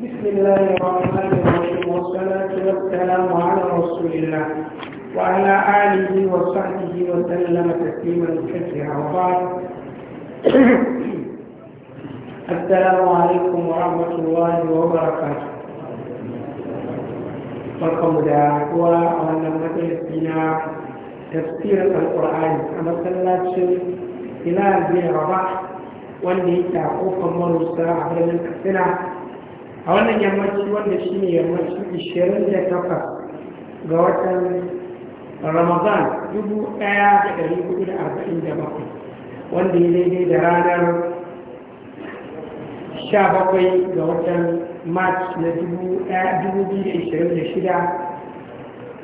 بسم الله الرحمن الرحيم والصلاة والسلام على رسول الله وعلى آله وصحبه وسلم تسليما كثيرا وبعد السلام عليكم ورحمة الله وبركاته barkanmu da haɗuwa a تفسير القرآن أما صلى إلى ذي ربع واللي يعقوب من السلام من السنة أولا يمشي واللي شيني يمشي الشرين يتقى قوات رمضان يبو آيات أريب إلى أربعين دمقين واللي ليه درانا شابقي قوات مات لدبو آيات دبو بيل إشرين يشيدا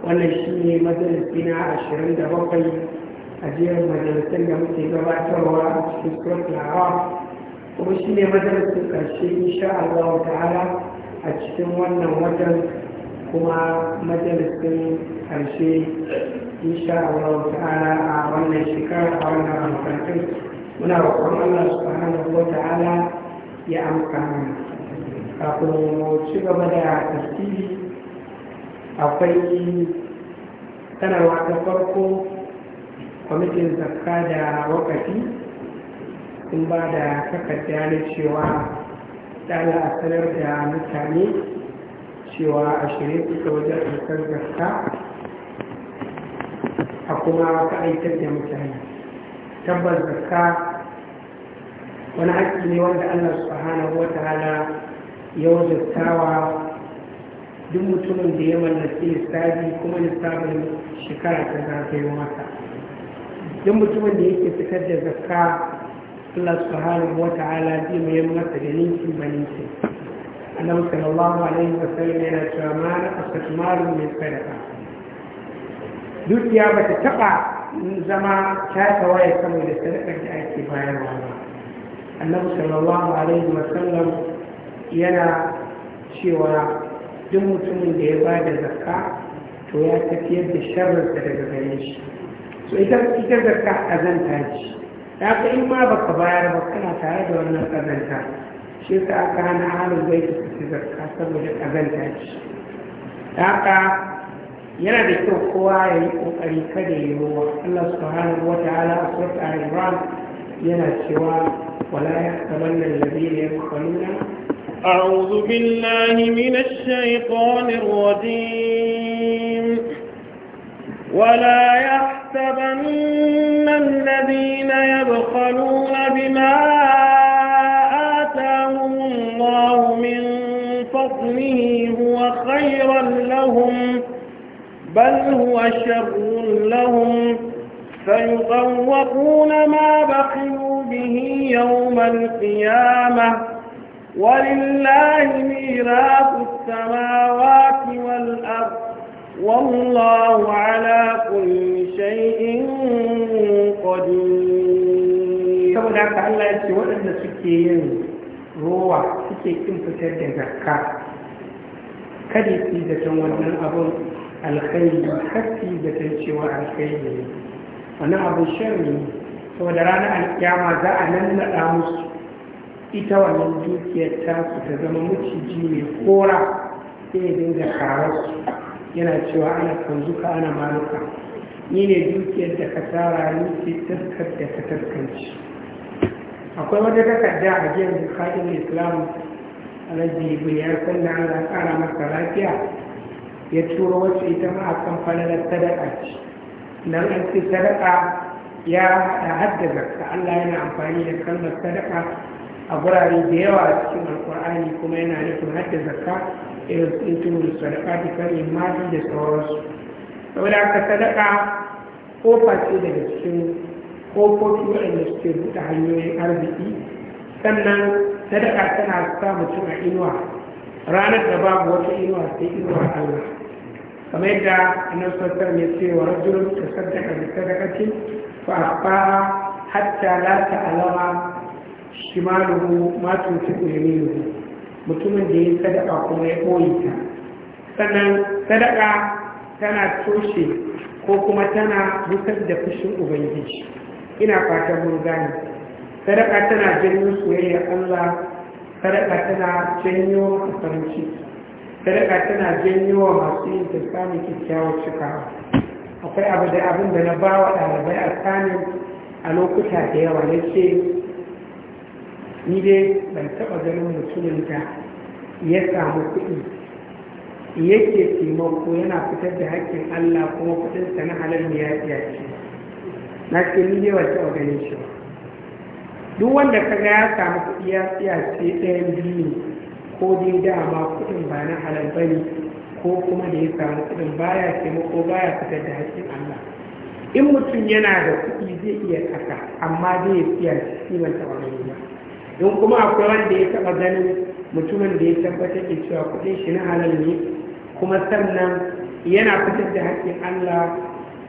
wannan shi ne majalisi na ashirin da bakwai a jerin majalisan da muke gabatarwa a cikin surat al kuma shi ne majalisin ƙarshe insha Allah ta'ala a cikin wannan watan kuma majalisin ƙarshe insha Allah ta'ala a wannan shekara a wannan amfanin muna roƙon Allah subhanahu wa ta'ala ya amfana kafin mu ci gaba da tasiri akwai sanarwa ta farko kwamitin zakka da wakafi sun ba da takarda na cewa dala a sanar da mutane cewa a shirye suka wajen ɗaukar zakka a kuma ka'aitar da mutane tabbas zakka wani haƙƙi ne wanda allah subhanahu wa ta'ala ya wajen duk mutumin da ya mallaki lissafi kuma lissafin shekara ta zagayo masa duk mutumin da yake fitar da zakka Allah subhanahu wa ta'ala zai mai masa da ninkin ba ninkin annabi sallallahu alaihi wa sallam yana cewa ma na asatmaru min sadaqa dukiya bata taba zama ta tawaye saboda sadakar da ake bayarwa ba annabi sallallahu alaihi wa sallam yana cewa duk mutumin da ya ba da zakka to ya tafiyar da da daga gare shi so ita ita zakka kazanta ce da ka in ma baka bayar ba kana tare da wannan kazanta shi ka aka hana halin zai ta fi zakka saboda kazanta ce da ka yana da kyau kowa ya yi kokari kada ya yi ruwa Allah subhanahu wataala a surat al-imran yana cewa wala yahtamanna alladhina yabkhaluna أعوذ بالله من الشيطان الرجيم ولا يحسبن الذين يبخلون بما آتاهم الله من فضله هو خيرا لهم بل هو شر لهم فيطوقون ما بخلوا به يوم القيامة ولله ميراث السماوات والأرض والله على كل شيء قدير saboda haka Allah ya ce waɗanda suke yin ruwa suke kin fitar da zakka kada su zaton wannan abun alkhairi kada su zaton cewa alkhairi wannan abun sharri ne saboda ranar alkiyama za a nannaɗa musu ita wannan dukiyar su ta zama maciji mai kora sai ya dinga su yana cewa ana kanzuka ana maluka ni ne dukiyar da ka tara ni ce taskar da ka taskanci akwai wata takarda a jiyar bukatun islam alhaji biyar sannan ana kara masa lafiya ya turo wacce ita ma a kamfanin sadaka ce nan an ce sadaka ya haɗa allah yana amfani da kalmar sadaka a gurare da yawa a cikin alkur'ani kuma yana nufin hadda zakka irin tsuntumin sadaka da kare mafi da sauransu saboda aka sadaka kofa ce daga cikin kofofi waɗanda suke buɗe hanyoyin arziki sannan sadaka tana sa mutum a inuwa ranar da babu wata inuwa sai inuwa allah kamar yadda annan sassar ya cewa wa ta sadaka da sadakacin? fa akhfaha hatta la alama. shi ma tunfiqu yaminuhu mutumin da ya sadaka kuma ya koyi ta sannan sadaka tana toshe ko kuma tana busar da fushin ubangiji ina fatan mun gane sadaka tana janyo soyayya Allah sadaka tana janyo farin sadaka tana janyo masu yin ta kyakkyawar cikawa akwai abu da abin da na ba wa ɗalibai a tsanin a lokuta da yawa na ce ni dai ban taɓa ganin mutumin da ya samu kuɗi yake taimako yana fitar da haƙƙin Allah kuma kuɗinsa na halal ne ya iya ce na ce ni dai ban taɓa shi duk wanda ka ga ya samu kuɗi ya iya ce ɗayan biyu ko dai dama kuɗin ba na halal ba ne ko kuma da ya samu kuɗin baya taimako baya fitar da haƙƙin Allah in mutum yana da kuɗi zai iya ƙasa amma zai iya taɓa wani ba don kuma akwai wanda ya taba ganin mutumin da ya tabbata ke cewa kudin shi na halal ne kuma sannan yana fitar da haƙƙin Allah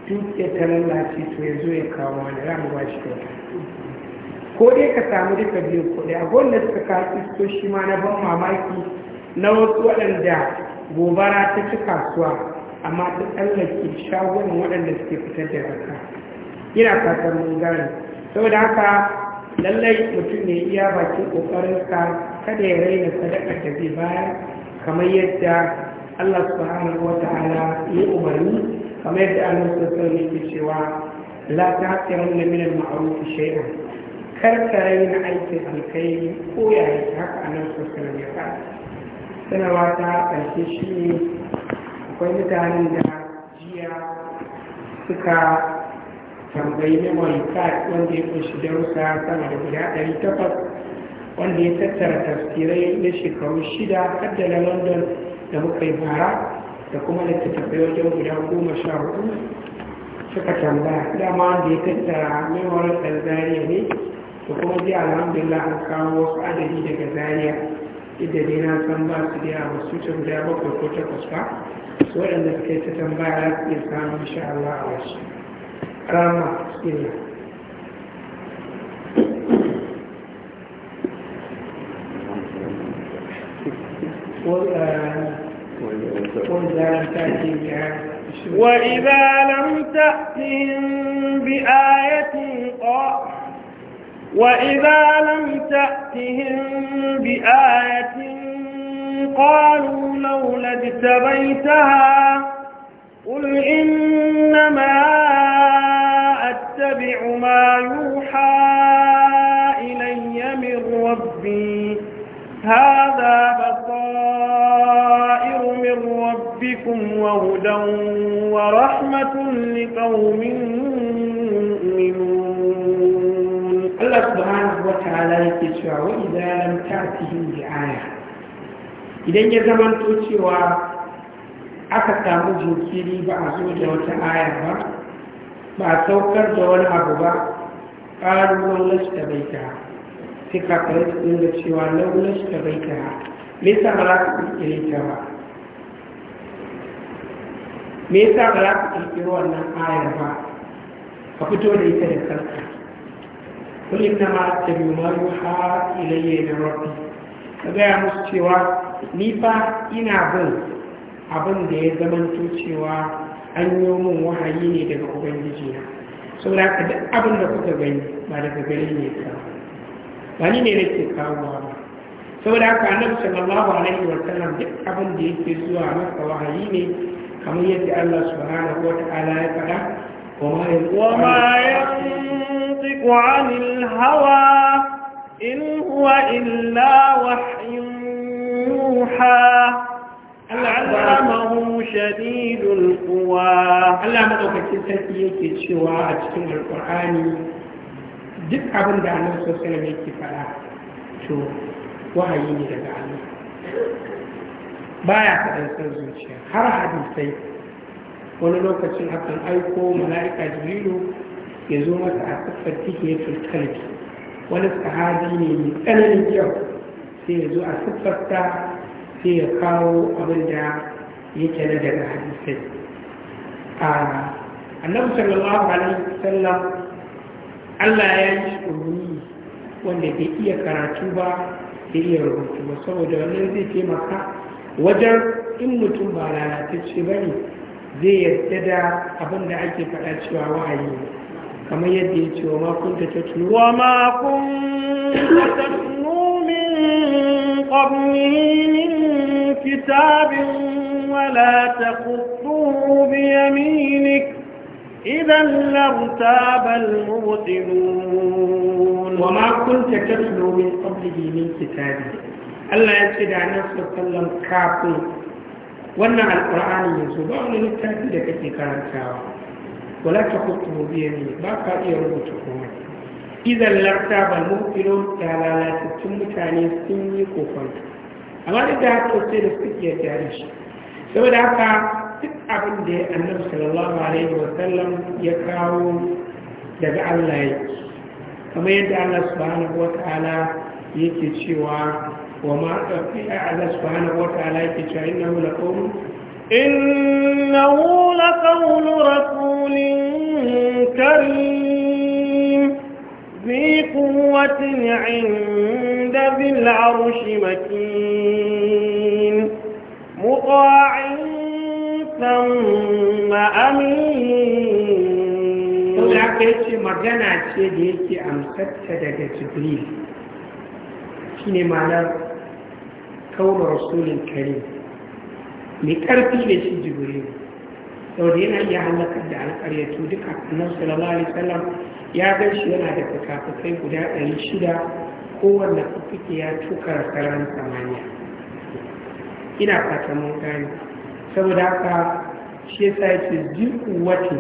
dukiya ta lalace to ya zo ya kawo wani ramu ba shi kyauta ko dai ka samu duka biyu kuɗi a gwamnati suka kasu to shi ma na ban mamaki na wasu waɗanda gobara ta ci kasuwa amma ta tsallake shagunan waɗanda suke fitar da haka ina fatan mun gane saboda haka lallai mutum ne iya bakin ƙoƙarinsa kada ya raina sadaka da zai bayar kamar yadda Allah subhanahu wa ta'ala ya umarni kamar yadda Allah sallallahu alaihi cewa la ta'tiranna min al-ma'ruf kar ka raina aikin alkhairi ko ya yi haka Allah sosai ne ya sanarwa ta ƙarshe shi akwai mutanen da jiya suka tambayi mai Kat wanda ya kunshi darussa sama da guda ɗari takwas wanda ya tattara tafsirai na shekaru shida har da na london da muka yi bara da kuma littattafai wajen guda goma sha hudu suka tambaya dama wanda ya tattara memorial tanzania ne da kuma ji alhamdulillah an kawo wasu adadi daga zaria inda dai na san ba su da yawa su ta guda bakwai ko takwas ba su waɗanda suka yi ta tambaya za su iya samun insha Allah a wasu kama illa آه، وإذا لم تأتهم بآية قال وإذا لم تأتهم بآية قالوا لولا اجتبيتها قل إنما أتبع ما يوحى إلي من ربي هذا بصائر من ربكم وهدى ورحمة لقوم مؤمنون الله سبحانه وتعالى يكتشف إذا لم تأتهم بآية إذا ya zamanto cewa aka samu jinkiri ba a zo ba saukar da wani abu ba ƙaruwan lasta bai ta sai kafin su dinga cewa lau lasta bai ta me yasa ba za ka ƙirƙire ta ba me yasa ba za ka ƙirƙiri wannan ayar ba ka fito da ita da kanka kul inna ma attabi'u ma yuha ilayya min rabbi ka gaya musu cewa ni fa ina bin abin da ya zamanto cewa an yi mun wahayi ne daga ubangiji na saboda haka duk abin da kuka gani ba daga gare ne ka ba ni ne nake kawo ba saboda haka annabi sallallahu alaihi wa sallam duk abin da yake zuwa masa wahayi ne kamar yadda Allah subhanahu wa ta'ala ya faɗa وما ينطق عن الهوى إن هو إلا وحي يوحى kowa Allah madaukakin sarki yake cewa a cikin alkur'ani duk abin da annabi sallallahu ne yake fara to wahayi ne daga Allah baya kaɗan san zuciya har hadisai wani lokacin akan aiko mala'ika jibrilu ya zo masa a siffar tikiyatul kalbi wani sahabi ne mai tsananin kyau sai ya zo a siffarta sai ya kawo abin da yake na daga hadisai kana annabi sallallahu alaihi wasallam Allah ya yi ummi wanda bai iya karatu ba bai iya rubutu ba saboda wannan zai taimaka wajen in mutum ba lalatacce ba ne zai yarda da abin da ake faɗa cewa waayi kamar yadda ya ce wa makon ta ta tatlu wa makon ta tatlu min min kitabin wala ku. فذوقوا بيمينك إذا لارتاب المبطلون وما كنت تتلو من قبله من كتابه ce da نفسه kallon kafin. wannan alkur'ani ya zo ba wani littafi da kake karantawa wala ta kutu biya ne ba ka iya rubuta komai idan larta ba mufilon da lalatattun mutane sun yi kokon amma duk da haka sai da suke iya shi saboda haka duk abin da ya annabi sallallahu alaihi wasallam ya kawo daga Allah ya kamar yadda Allah subhanahu wata'ala yake cewa wa ma tafi Allah subhanahu a yake cewa innahu laqawlu innahu laqawlu rasulin karim ذي قوة عند ذي العرش مكين مطاع ثم أمين da aka ya ce magana ce da yake amsatta daga jibril shi ne ma'anar kawo rasulun karim mai ƙarfi da shi jibril saboda yana iya halakar da alƙaryatu duka annan sallallahu alaihi wasallam ya gan shi yana da fuka-fukai guda ɗari shida kowanne fukuki ya tuka sararin samaniya ina fata mun gani saboda haka shi sa yake jin wace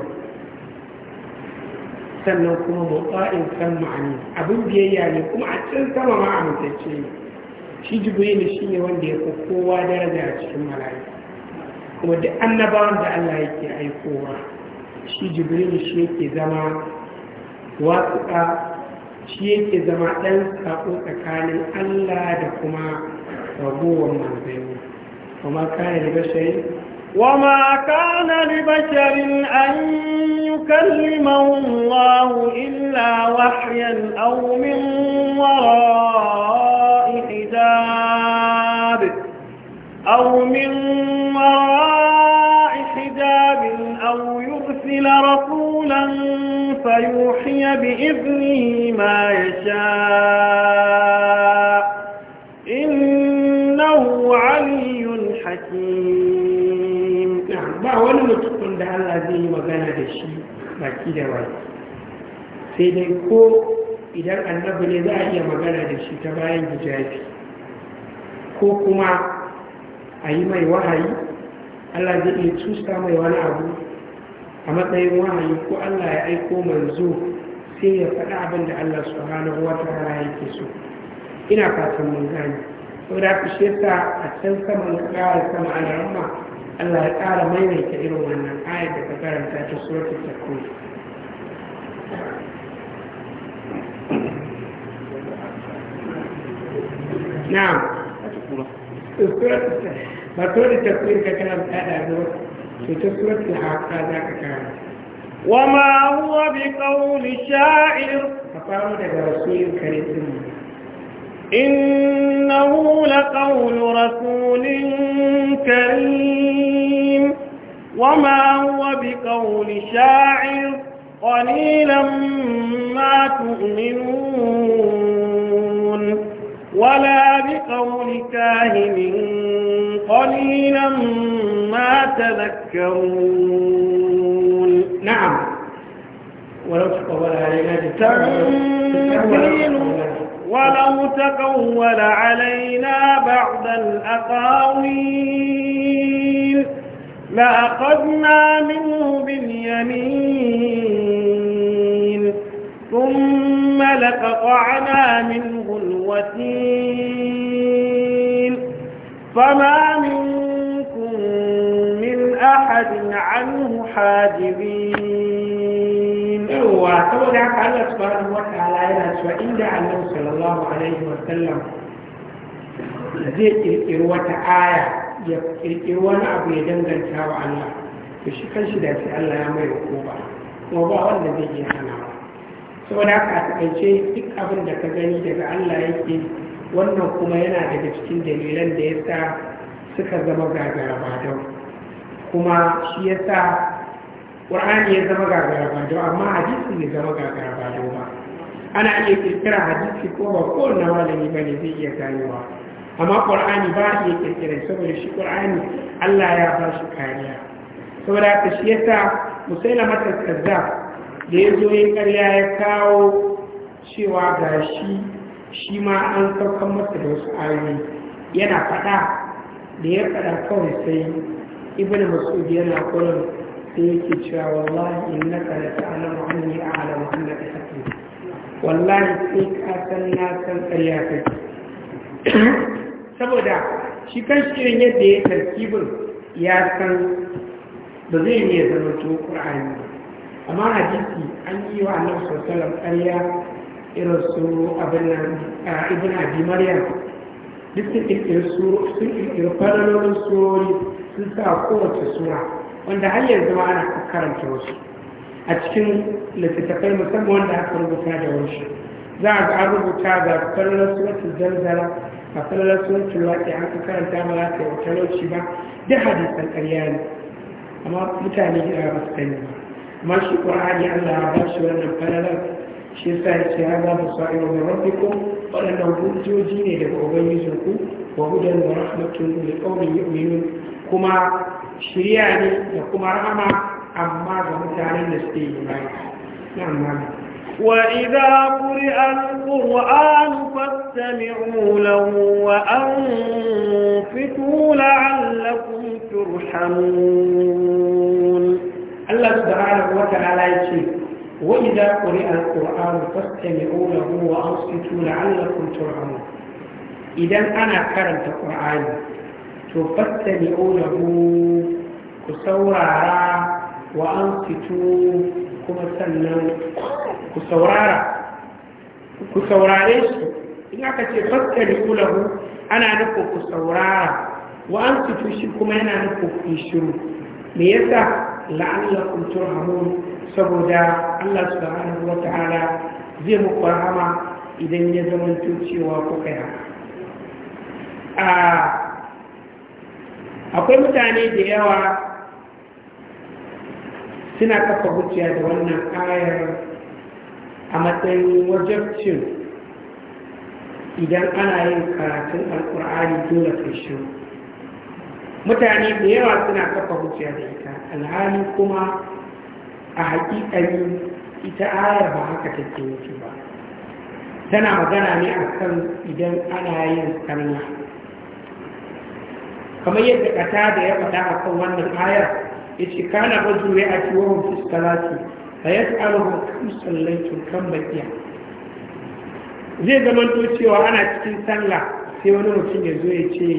sannan kuma mutsa'in san ma'ani abin biyayya ne kuma a cikin sama ma mutacce ne shi jibrilu shi ne wanda ya fi kowa daraja a cikin malayi, kuma duk annabawan da Allah yake aikowa shi jibrilu shi yake zama watsuka shi yake zama ɗan saƙo tsakanin Allah da kuma ragowar manzanni kuma kayan da وما كان لبشر أن يكلمه الله إلا وحيا أو من وراء حجاب أو من وراء حجاب أو يرسل رسولا فيوحي بإذنه ما يشاء baki da wani sai dai ko idan annabi ne za a iya magana da shi ta bayan hijabi ko kuma a yi mai wahayi allah zai iya cusa mai wani abu a matsayin wahayi ko allah ya aiko manzo sai ya faɗi abin da allah hana wa hana yake so ina fatan mun gani saboda ku shi yasa a can saman ƙara sama al'amma Allah ya ƙara maimaita irin wannan ayat da ta karanta ta suratul takwir na'am ba suratul takwir ka karanta da zuwa to ta suratul haqa za ka karanta وما هو بقول شاعر فقالوا لك رسول كريم إنه لقول رسول كريم وما هو بقول شاعر قليلا ما تؤمنون ولا بقول كاهن قليلا ما تذكرون نعم ولو تقول علينا بعض الأقاويل لأخذنا منه باليمين ثم لقطعنا منه الوتين فما منكم من أحد عنه حاجبين وأعتبر عن الله سبحانه وتعالى إلى سوئين لعنه صلى الله عليه وسلم ذكر إروة آية ya kirkiri wani abu ya danganta wa Allah to shi kanshi da sai Allah ya mai hukuma kuma ba wanda zai iya hanawa saboda haka a takaice duk abin da ka gani daga Allah yake wannan kuma yana daga cikin dalilan da ya sa suka zama gagara badau kuma shi ya sa ƙur'ani ya zama gagara badau amma hadisi ya zama gagara badau ba ana iya kirkira hadisi ko ba kowane malami ba ne zai iya ganewa amma ƙwar'ani ba shi iya kirkirai saboda shi ƙwar'ani Allah ya ba shi kariya saboda ta shi yasa musaila mata kaza da ya zo ya karya ya kawo cewa ga shi shi ma an saukan masa da wasu ayoyi yana faɗa da ya faɗa kawai sai ibn masud yana kullum sai yake cewa wallahi innaka la ta'lamu anni a'lamu annaka hakim wallahi sai ka san na san ƙarya kake saboda shi kan shirin yadda ya tarkibin ya san ba zai iya zama to ƙura'ani amma hadisi an yi wa annabi sosalar ƙarya irin su abin nan ibn abi maryam duk sun ƙirƙiri suru sun ƙirƙiri fadalolin surori sun sa kowace sura wanda har yanzu ma ana karanta wasu a cikin littattafai musamman wanda aka rubuta da wasu za a ga an rubuta ga fadalolin suratul zanzara A falalar suratul waƙi an ka karanta ba za ka yi talauci ba duk hadisan ƙarya ne amma mutane gida ba su sani ba amma shi ƙur'ani Allah ya ba shi wannan falalar shi yasa ya ce haza ba su ayyau da rabbikum waɗannan hujjoji ne daga ubangijinku wa hudan wa rahmatun li qaumin yu'minun kuma shirya ne da kuma rahama amma ga mutanen da suke yi amma ne. وإذا قرئ القرآن فاستمعوا له وأنفتوا لعلكم ترحمون الله سبحانه وتعالى يقول وإذا قرئ القرآن فاستمعوا له وأنفتوا لعلكم ترحمون إذا أنا قرأت القرآن فاستمعوا له كسورا وأنفتوا كما سلموا ku saurare su in aka ce faskari ulahu ana nufin ku saurara wa an fito shi kuma yana nufin ku shiru me yasa la'allakum turhamun saboda Allah subhanahu wa ta'ala zai muku rahama idan ya zama cewa kuka yi akwai mutane da yawa suna kafa hujja da wannan ayar a matsayin wajabcin idan ana yin karatun alkur'ani dole kai mutane da yawa suna kafa hujja da ita alhali kuma a haƙiƙani ita ayar ba haka take wuce ba tana magana ne a kan idan ana yin sallah kamar yadda ƙata da ya faɗa a kan wannan ayar ya ce kana ba zuwa a ciwon fuskalati فيسأله كم صليت كم بكيا zai zamanto cewa ana cikin sallah sai wani mutum ya zo ya ce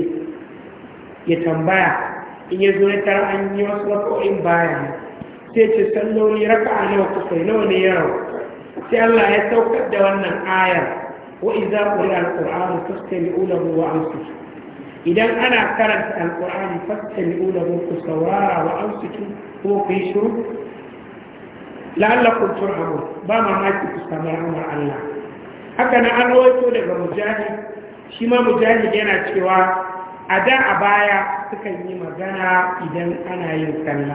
ya tambaya in ya zo ya tara an yi wasu raka'o'in baya sai ce sallori raka'a nawa kuka nawa ne yaro? sai Allah ya saukar da wannan ayar wa iza quri alqur'an fastami ulahu wa ansu idan ana karanta alqur'an fastami ulahu lahu sawara wa ansu ko ku yi shiru la'allakum turhamun ba mamaki ku samu rahmar Allah haka na an rawaito daga mujahid shi ma mujahid yana cewa a da a baya sukan yi magana idan ana yin sallah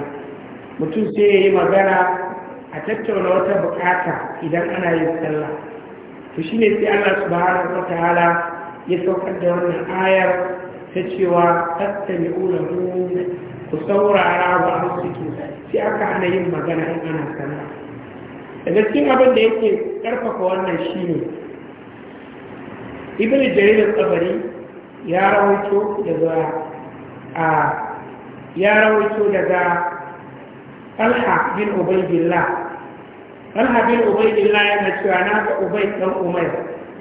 mutum sai ya yi magana a tattauna wata bukata idan ana yin sallah to ne sai Allah subhanahu hala, ya saukar da wannan ayar ta cewa tattali ulamu ku saurara wa an suke sai aka hana yin magana in ana sana daga cikin abin da yake karfafa wannan shi ibn jarir al-qabari ya rawaito daga a ya rawaito daga talha bin ubaydillah talha bin ubaydillah yana cewa na ga ubayd dan umar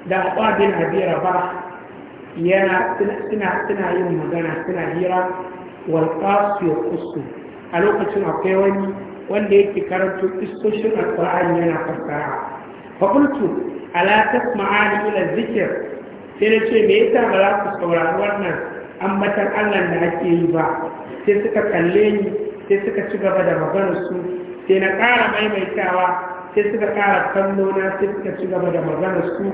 da bin habira ba yana suna yin magana suna hira wal ya yuqsu a lokacin akwai wani wanda yake karanto istoshin alkur'ani yana Fa fakultu alatas ma'ani ila zikir sai na ce me yasa ba za ku saurari wannan ambatan allah da ake yi ba sai suka kalle ni sai suka ci gaba da maganar su sai na ƙara maimaitawa sai suka ƙara kallo na sai suka ci gaba da maganar su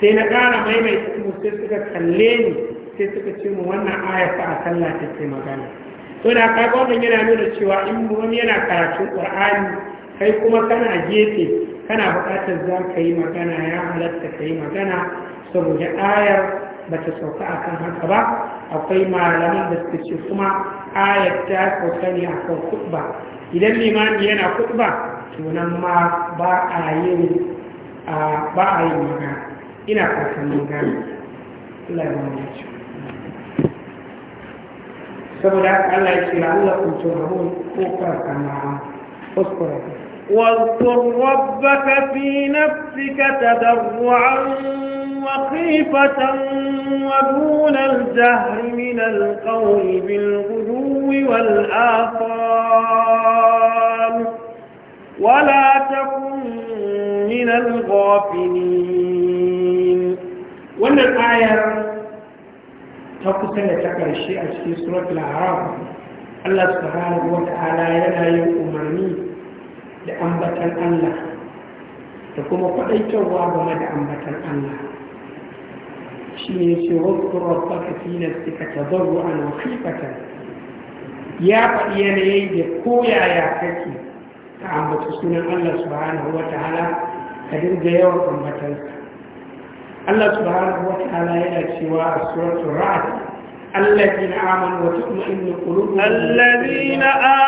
sai na ƙara maimaita su sai suka kalle ni sai suka ce mu wannan aya fa a sallah take magana to da ga wannan yana nuna cewa in wani yana karatun qur'ani kai kuma kana gefe kana buƙatar za ka yi magana ya halatta ka yi magana saboda ayar ba ta sauka akan haka ba akwai malaman da suka ce kuma ayar ta sauka ne akan kutuba idan limami yana kuɗba to nan ma ba a yin ba a yi magana ina fatan magana Allah ya saboda haka Allah ya ce la'allakum turhamun ko واذكر ربك في نفسك تضرعا وخيفة ودون الجهر من القول بالغدو والآصال ولا تكن من الغافلين الآية ta kusa da ta karshe a cikin suratul arab Allah subhanahu wa ta'ala yana yin umarni da ambatan Allah da kuma kwadaitarwa game da ambatan Allah shi ne ce wasu rabbaka fi nafsika tadarru'an wa khifatan ya faɗi yanayi da koyaya kake ka ambata sunan Allah subhanahu wa ta'ala ka dinga yawan ambatansa Allah subhanahu wa ta'ala yana cewa a suratul ra'd الذين آمنوا وتطمئن قلوبهم الذين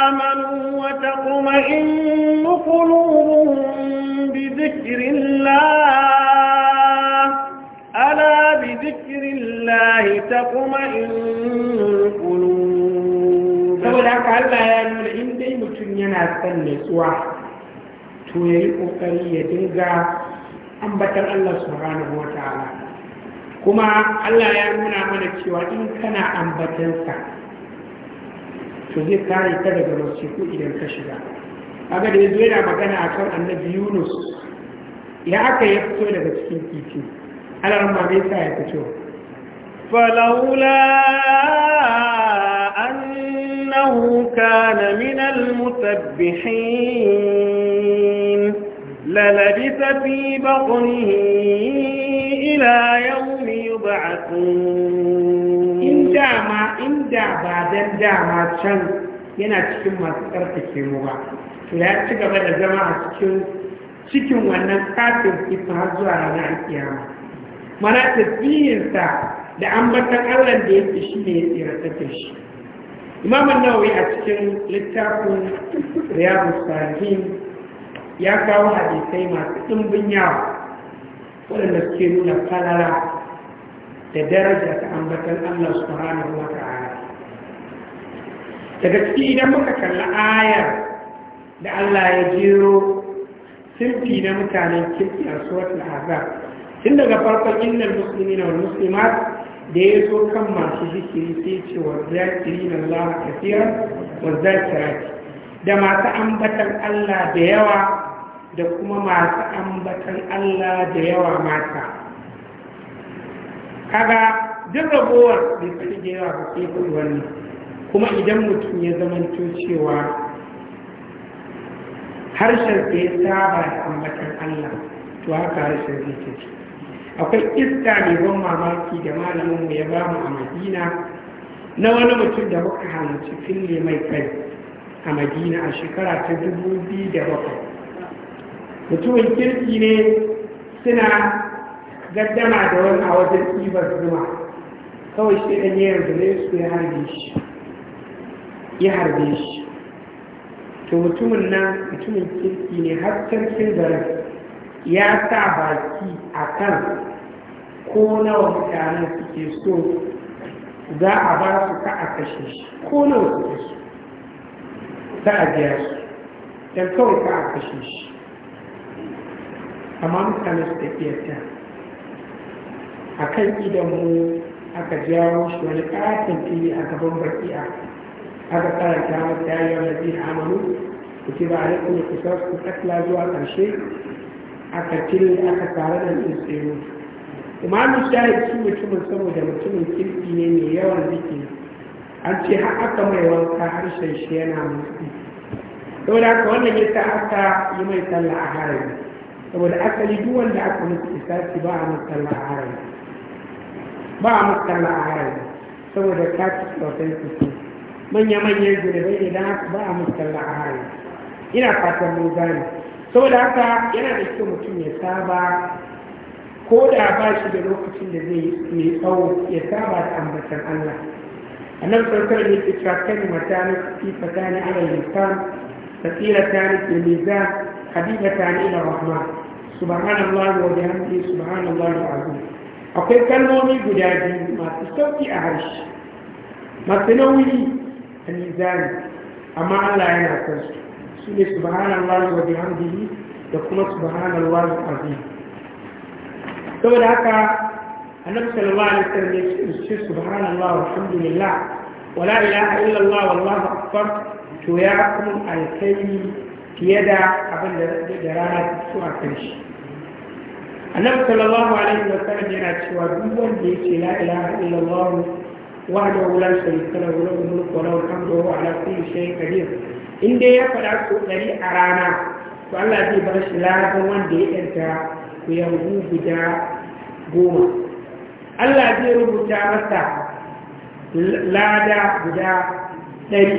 آمنوا وتطمئن قلوبهم bi الله ألا بذكر الله تطمئن قلوب saboda haka Allah ya nuna in dai mutum yana son nutsuwa to yayi kokari ya dinga Ambatar Allah subhanahu wa ta'ala kuma Allah ya nuna mana cewa in kana ambatansa to zai kare ka daga masifu idan ka shiga kaga da yanzu yana magana akan annabi Yunus ya aka ya fito daga cikin kifi Allah ma bai sa ya fito falaula annahu kana min للبث في بطنه إلى يوم يبعثون إن دعما إن دعما دن دعما شن yana cikin masu ƙarfafe mu ya ci gaba da zama a cikin cikin wannan kafin isa har zuwa ranar kiyama mana tasbihinsa da ambatan Allah da yake shi ne ya tsira take shi imam an a cikin littafin riyadus salihin ya kawo hadisai masu ɗimbin yawa waɗanda suke nuna falala da daraja ta ambatan Allah da wa ta'ala daga ciki idan muka kalla ayar da Allah ya jero sirfi na mutanen kirki a suratul azab tun daga farkon innal muslimina wal muslimat da ya zo kan masu zikiri sai ce wa zakirina Allah kafiran wa zakirati da masu ambatan Allah da yawa da kuma masu ambatan Allah da yawa mata kaga duk rabuwar da da yawa ba ke kuɗi ne, kuma idan mutum ya zamanto cewa harshen da ya saba da ambatan Allah to haka harshen zai ce akwai iska mai ban mamaki da malaminmu ya mu a madina na wani mutum da muka halarci fille mai kai a madina a shekara ta dubu biyu da bakwai mutumin kirki ne suna gaddama da wani a wajen ɗibar zuma kawai shi ɗan yi da su ya harbe shi ya harbe shi to mutumin nan mutumin kirki ne har sarkin garin ya sa baki a kan ko nawa mutanen suke so za a ba su ka a kashe shi ko nawa suke so za a biya su don kawai ka a kashe shi amma mutane su tafiya ta a kan idanmu aka jawo shi wani ƙaton fili a gaban baki'a aka karanta mata yayin da zai amanu ku ci ba a rikin da kusa su katla zuwa ƙarshe aka cire aka tare da tsiro imamu shahid shi mutumin saboda mutumin kirki ne mai yawan zikiri an ce har aka mai wanka harshen shi yana mutu saboda haka wannan ya sa aka yi mai sallah a harami saboda asali duk wanda aka musu isasi ba a matsala a harin ba a matsala a harin, saboda ka ci kyautar su manya-manyan zunubai ne don haka ba a matsala a harin, ina fatan mun gane saboda haka yana da kyau mutum ya saba ko da ba shi da lokacin da zai yi tsawo ya saba da ambatan Allah annabi sallallahu alaihi wasallam yake cewa kalimatan fi fatani ala lisan tsira tani fil mizan habibatan ila rahman subhanallah wa bihamdihi subhanallah alazim akwai kalmomi guda biyu masu sauki a harshe masu nauyi a nizami amma Allah yana son su su ne subhanallah wa bihamdihi da kuma subhanallah alazim saboda haka annabi sallallahu alaihi wasallam ya ce subhanallah walhamdulillah wala ilaha illallah wallahu akbar to ya alkaimi fiye da abin da rana su a kan shi annabi sallallahu alaihi wa sallam yana cewa duk wanda ya ce la ilaha illallah wahdahu la sharika lahu lahu mulku wa lahu alhamdu wa huwa ala kulli shay'in qadir in dai ya faɗa so ɗari a rana to Allah zai bar shi larabar wanda ya yanta ku yanzu guda goma Allah zai rubuta masa lada guda ɗari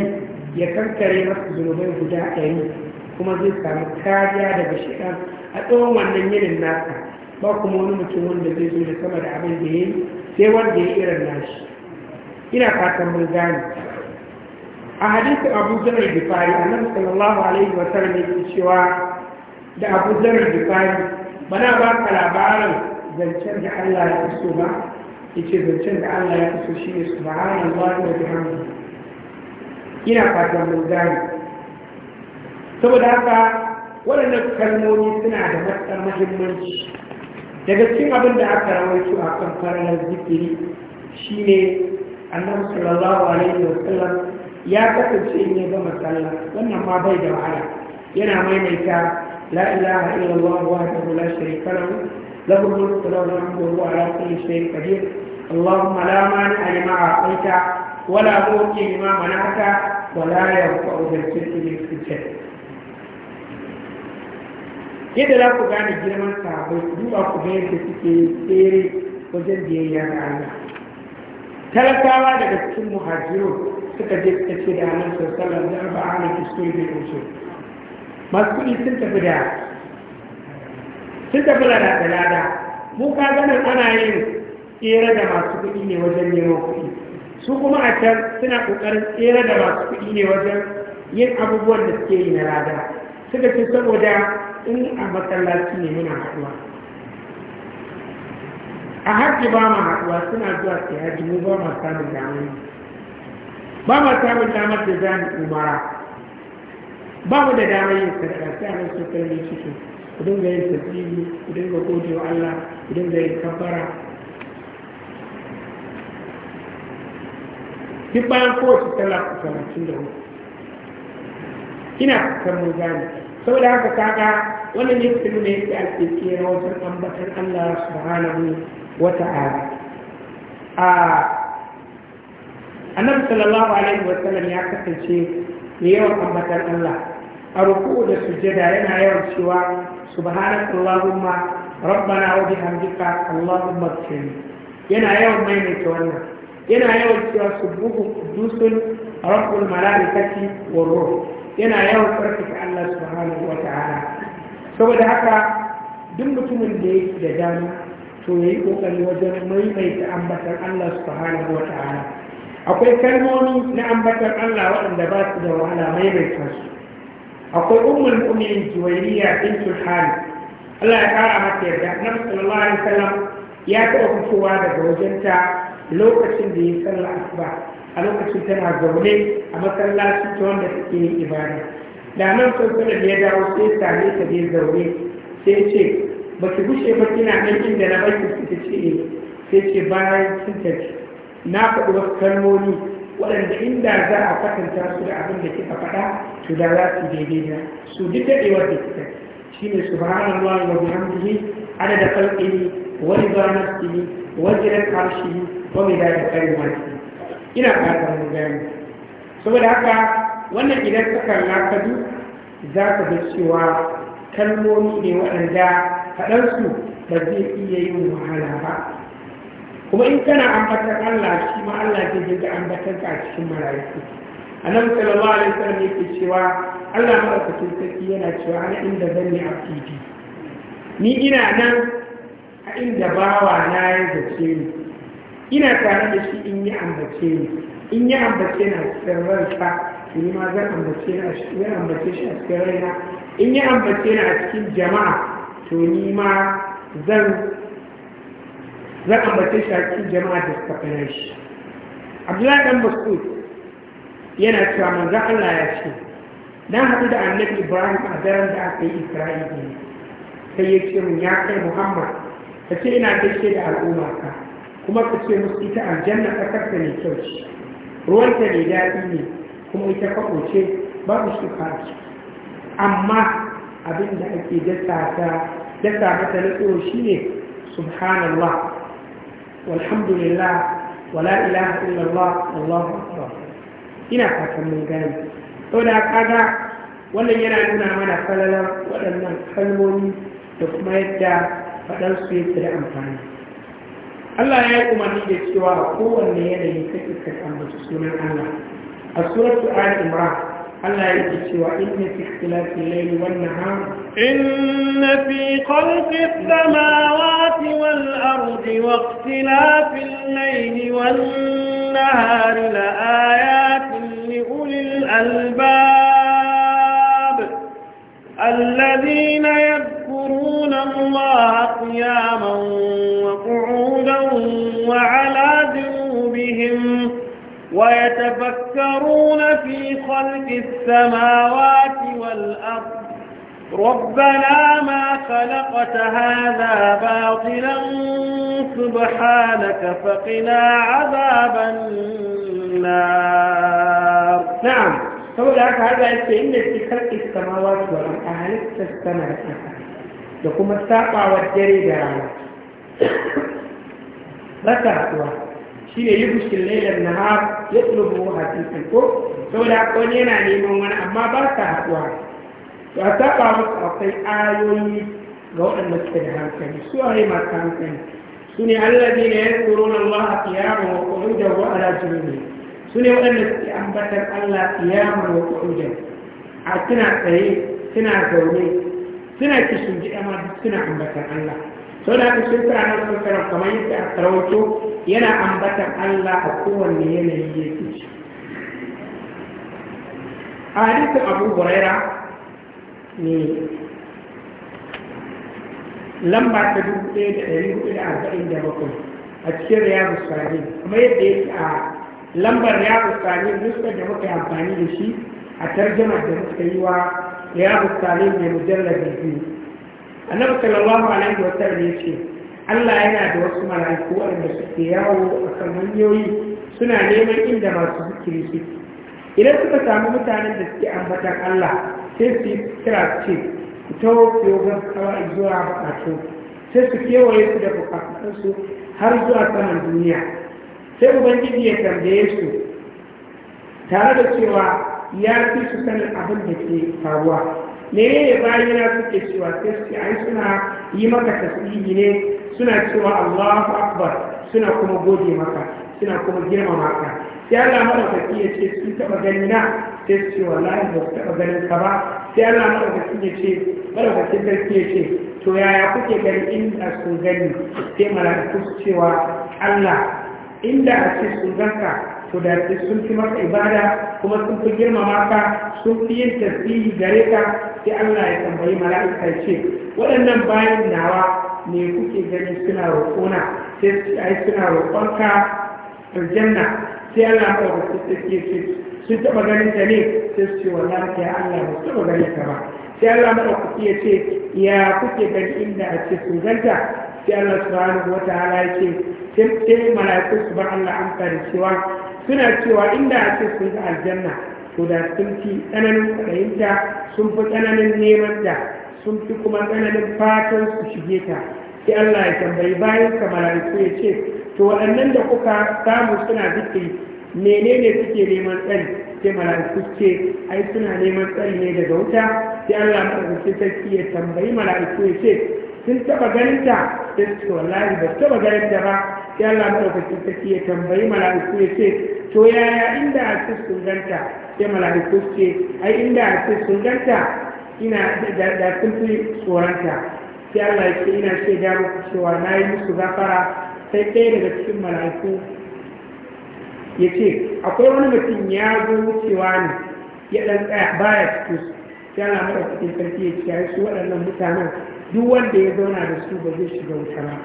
ya kankare masa zunubai guda ɗari kuma zai samu kariya daga shaitan a tsawon wannan yinin nasa ba kuma wani mutum wanda zai zo da sama da abin da ya yi sai wanda ya irin nashi ina fatan mun gane a hadisi abu zarar bifari nan sallallahu alaihi wa sallam yake cewa da abu zarar bifari bana ba ka labarin zancen da Allah ya so ba ya ce zancen da Allah ya so shine subhanallahi wa hannu ina fatan mun gane saboda haka waɗannan kalmomi suna da matsar mahimmanci daga cikin abin da aka rawaito a kan faranar zikiri shi ne annabi sallallahu alaihi wa sallam ya kasance in ya zama sallah wannan ma bai da wahala yana maimaita لا إله إلا الله وحده لا شريك له له الملك وله الحمد وهو على كل شيء قدير اللهم لا مانع لما أعطيت ولا مؤتي لما منعت ولا ينفع ذا الجد منك الجد yadda za ku gane girman sahabbai ku duba ku ga yadda suke tsere wajen biyayya ga Allah talakawa daga cikin muhajiro suka je suka ce da annabi sallallahu alaihi wasallam da ba'ana kusuri da usul masu kuɗi sun tafi da sun tafi da lada mu ka ganin ana yin tsere da masu kuɗi ne wajen neman kuɗi su kuma a can suna ƙoƙarin tsere da masu kuɗi ne wajen yin abubuwan da suke yi na lada suka ce saboda in a masallaci ne muna haɗuwa a hajji ba ma haɗuwa suna zuwa su hajji mu ba ma samun damar ba ma samun damar da za umara ba mu da damar yin sadaka sai a nan so kai ne ku dinga yin tasiri ku dinga gode wa Allah ku dinga yin kafara duk bayan kowace sallah ku talatin da hudu ina kan mu gane saboda haka kaka wannan ne su su a ake yana wajen ambatan Allah subhanahu wata ala. a annan sallallahu alaihi wa sallam ya kasance ne yawan ambatan Allah a ruku da sujjada yana yawan cewa subhanaka allahumma rabbana wa bihamdika allahumma ighfirli yana yawan maimaita wannan yana yawan cewa subuhu qudusun rabbul malaikati wa ruh yana yawan tsarkake Allah subhanahu wa ta'ala saboda haka duk mutumin da yake da dama to yayi kokari wajen maimaita ambatar Allah subhanahu wa ta'ala akwai kalmomi na ambatar Allah waɗanda ba su da wahala maimaita su akwai ummul mu'minin juwayriya bintul hali Allah ya kara mata yadda na sallallahu alaihi wasallam ya taɓa fitowa daga wajenta lokacin da ya sallah asuba a lokacin tana zaune a masallaci ta wanda take yin ibada da nan sosai da ya dawo sai same ta dai zaune sai ce ba ki gushe ba kina nan inda na baki ki ta ce sai ce bayan sun tafi na faɗi wasu kalmomi waɗanda inda za a kwatanta su da abin da kika faɗa to da za su daidai da su duk daɗewar da kika shi ne subhanallah wa bihamdihi adada khalqihi wa rida nafsihi wa wani arshihi wa midada kalimatihi ina fatan mun gani saboda haka wannan idan ka kalla ka du za ka ga cewa kalmomi ne waɗanda su ba zai iya yin wahala ba kuma in kana ambatar Allah shi ma Allah zai dinga ambatar ka a cikin mala'iku annabi sallallahu alaihi wasallam yake cewa Allah madaukakin sarki yana cewa ana inda zanni a fidi ni ina nan a inda bawa na ya zace ni ina tare da shi in yi ambace ni in yi ambace na cikin ransa ni ma zan ambace na zan ambace shi a cikin raina in yi ambace na a cikin jama'a to ni ma zan zan ambace shi a cikin jama'a da suka fara shi abdullahi dan mas'ud yana cewa manzo Allah ya ce na haɗu da annabi ibrahim a daren da aka yi isra'ila sai ya ce mun ya kai muhammad ka ce ina gaishe da al'umma ka kuma ka ce musu ita aljanna ƙasar ta mai kyau ce ruwan ta mai daɗi ne kuma ita kwabo ce babu shi fara amma abin da ake dasa ta dasa mata na tsoro shi ne subhanallah walhamdulillah wala ilaha illallah allahu akbar ina fatan mun gani gane saboda kaga wannan yana nuna mana falalar waɗannan kalmomi da kuma yadda faɗansu yake da amfani Allah ya yi umarni da cewa a kowanne yanayi kake ka ambaci sunan Allah a suratu Ali Imran Allah ya yi cewa inna fi ikhtilafil layli wan nahar inna fi khalqis samawati wal ardi wa ikhtilafil layli wan nahar la ayatin li ulil albab alladhina yadhkuruna Allah qiyaman على ذنوبهم ويتفكرون في خلق السماوات والأرض ربنا ما خلقت هذا باطلا سبحانك فقنا عذاب النار نعم فقال لك هذا zai في خلق السماوات والأرض أهلت السماوات a halittar sama ba ta shi ne yubushin lailar na har ya tsulubu hadisin ko saboda haka wani yana neman wani amma ba ta haɗuwa to a saba musu akwai ayoyi ga waɗanda suke da hankali su a yi masu hankali su ne allazi ne ya tsoro na Allah a kiyama wa ƙudujar a ala ne. su ne waɗanda suke ambatar Allah kiyama wa ƙudujar a suna tsaye suna zaune suna kishin jiɗa ma suna ambatar Allah sau da haka shi sa na sun kamar yadda a sarauto yana ambatan Allah a kowanne yanayi ya ke ci a hadisin abu huraira ne lamba ta dubu ɗaya da ɗari hudu da arba'in da bakwai a cikin riyadu sani kuma yadda yake a lambar riyadu sani nuskar da muka yi amfani da shi a tarjama da muka yi wa riyadu sani mai mujallar biyu annabi sallallahu alaihi wasallam ya ce Allah yana da wasu mala'iku waɗanda suke yawo a kan hanyoyi suna neman inda masu zikiri su idan suka samu mutanen da suke ambatan Allah sai su kira su ce ku tawo ku yi zuwa bukatu sai su kewaye su da bukatunsu har zuwa saman duniya sai ubangiji ya tambaye su tare da cewa ya fi su sanin abin da ke faruwa menene bayyana suke cewa sai ai suna yi maka tasbihi ne suna cewa Allahu akbar suna kuma gode maka suna kuma girma maka sai Allah tafi ya ce sun taba gani na sai su ce wallahi ba su taba ganin ka ba sai Allah tafi ya ce tafi sarki ya ce to yaya kuke gani inda sun gani sai mala'iku su cewa Allah inda a ce sun zanka to da sun fi maka ibada kuma sun fi girma maka sun fi yin tasbihi gare ka sai Allah ya tambayi mala'ika ya ce waɗannan bayan nawa ne kuke ganin suna roƙona sai ai suna roƙonka aljanna sai Allah ya ba su take ce sun taɓa ganin ta ne sai su ce wallahi ya Allah ba su taɓa ganin ta ba sai Allah ya ba ya ce ya kuke gani inda a ce sun ganta sai Allah subhanahu wataala ya ce sai mala'ika su ba Allah amfani da cewa suna cewa inda a ce sun ga aljanna to da sun fi tsananin fahimta sun fi tsananin neman da sun fi kuma tsananin fatan su shige ta sai Allah ya tambayi bayan kamar mala'iku ya ce to waɗannan da kuka samu suna zikiri menene suke neman tsari sai mala'iku ce ai suna neman tsari ne daga wuta sai Allah madaukakin sarki ya tambayi mala'iku ya ce sun taɓa ganin ta ce wallahi ba taɓa ganin ta ba sai Allah sarki ya tambayi mala'iku ya ce to yaya inda a cikin ganta sai mala'iku ce ai inda a ce sun ganta ina da sun fi tsoronta Allah ya ce ina ce da muku cewa na yi musu gafara sai ɗaya daga cikin mala'iku ya ce akwai wani mutum ya zo wucewa ne ya ɗan tsaya baya cikin su sai Allah mara cikin sarki ya ce ya su waɗannan mutanen duk wanda ya zauna da su ba zai shiga wuta ba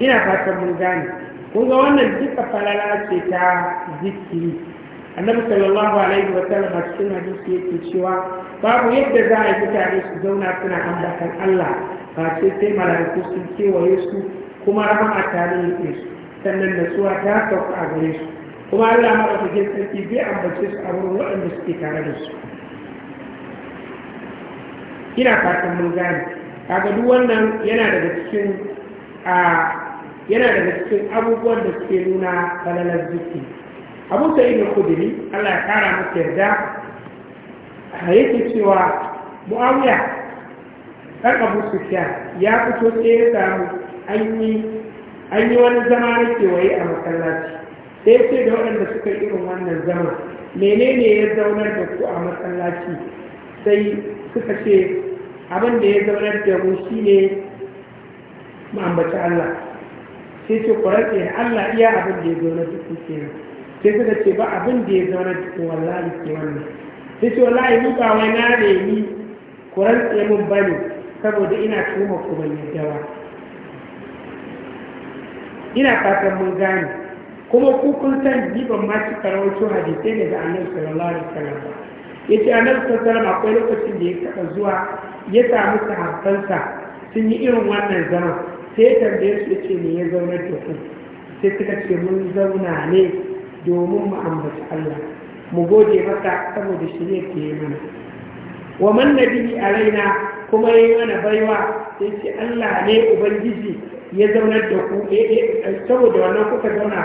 ina fatan mun gane kun ga wannan duka falala ce ta zikiri annabi sallallahu alaihi wa sallam a cikin hadisi yake cewa babu yadda za a yi mutane su zauna suna ambatan Allah ba sai sai malaiku sun kewaye su kuma a tare da su sannan natsuwa ta sauka a gare su kuma Allah maɗaukakin sarki zai ambace su a wurin waɗanda suke tare da su ina fatan mun gane kaga duk wannan yana daga cikin a yana daga cikin abubuwan da suke nuna falalar zuci abu sa'id al kudiri Allah ya kara masa yarda yake cewa muawiya ɗan abu sha ya fito sai ya samu an yi wani zama na kewaye a masallaci sai ce da waɗanda suka irin wannan zama menene ya zaunar da ku a masallaci sai suka ce abin da ya zaunar da mu shine ne ma'ambaci Allah sai ce ku Allah iya abin da ya zaunar da ku kenan sai suka ce ba abin da ya zauna cikin wallahi ke wannan sai ce wallahi ni ba wai na yi ku rantse min bane saboda ina tuma ku ban yadda ba ina fatan mun gane kuma ku kun san ni ban ma ci karawato hadisai ne ga annabi sallallahu alaihi wasallam ba ce annabi sallallahu alaihi akwai lokacin da ya taba zuwa ya samu sahabbansa sun yi irin wannan zaman sai ya tambaye su ya ce me ya zauna da ku sai suka ce mun zauna ne domin mu ambaci Allah mu gode maka saboda shirye ke yi mana wa man nabi alaina kuma yayi mana baiwa sai ce Allah ne ubangiji ya zaunar da ku eh, eh, eh, saboda wannan kuka zauna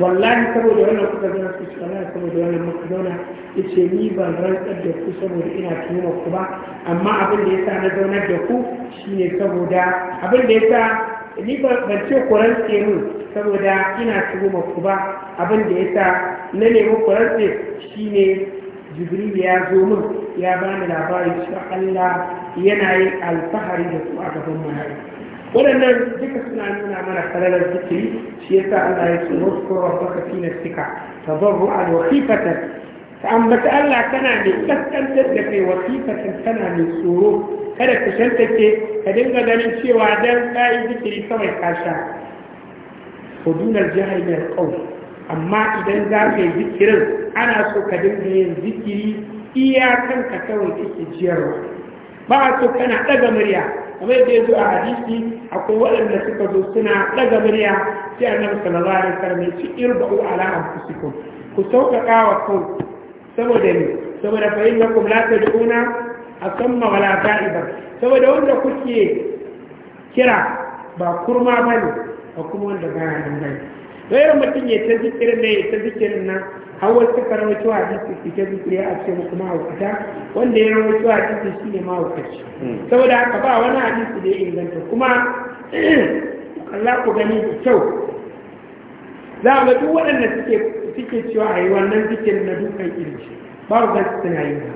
wallahi saboda wannan kuka zauna su wallahi saboda wannan muka zauna Ya ce ni ban rantsar da ku saboda ina tuhuma ku ba amma abin da ya sa na zaunar da ku shine saboda abin da ya sa ni ban ce ku rantse mun saboda ina tuhuma ku ba abin da yasa na nemi ku rantse shine jibril ya zo min ya ba ni labarin cewa Allah yana yin alfahari da su a gaban mala'iku waɗannan duka suna nuna mana falalar zikiri shi yasa Allah ya ce wasu rabbaka fi nafsika tadarru'an wa khifatan ka ambata Allah kana mai kaskantar da kai wa khifatan kana mai tsoro kada ka shantake ka dinga ganin cewa dan kai zikiri kawai ka sha wadunar jihar mai amma idan za ka yi zikirin ana so ka dinga yin zikiri iyakan ka kawai kake jiyarwa ba so kana ɗaga murya kamar yadda ya zo a hadisi akwai waɗanda suka zo suna ɗaga murya sai annabi sallallahu alaihi wasallam ya ce irba'u ala anfusikum ku sauƙaƙa wa kanku saboda ne saboda fa innakum la tad'una asamma wala ta'iba saboda wanda kuke kira ba kurma bane da kuma wanda ba ya nan bai ɗaya mutum ya ta zikirin da ya ta zikirin nan har wasu ka rawaito hadisi su ta zikiri a ce muku mahaukata wanda ya rawaito hadisi shi ne mahaukaci hmm. saboda haka ba wani hadisi da ya inganta kuma Allah ku gani da kyau za a ga duk waɗanda suke cewa a yi wannan zikirin na dukan irji ba ku ga suna yi ba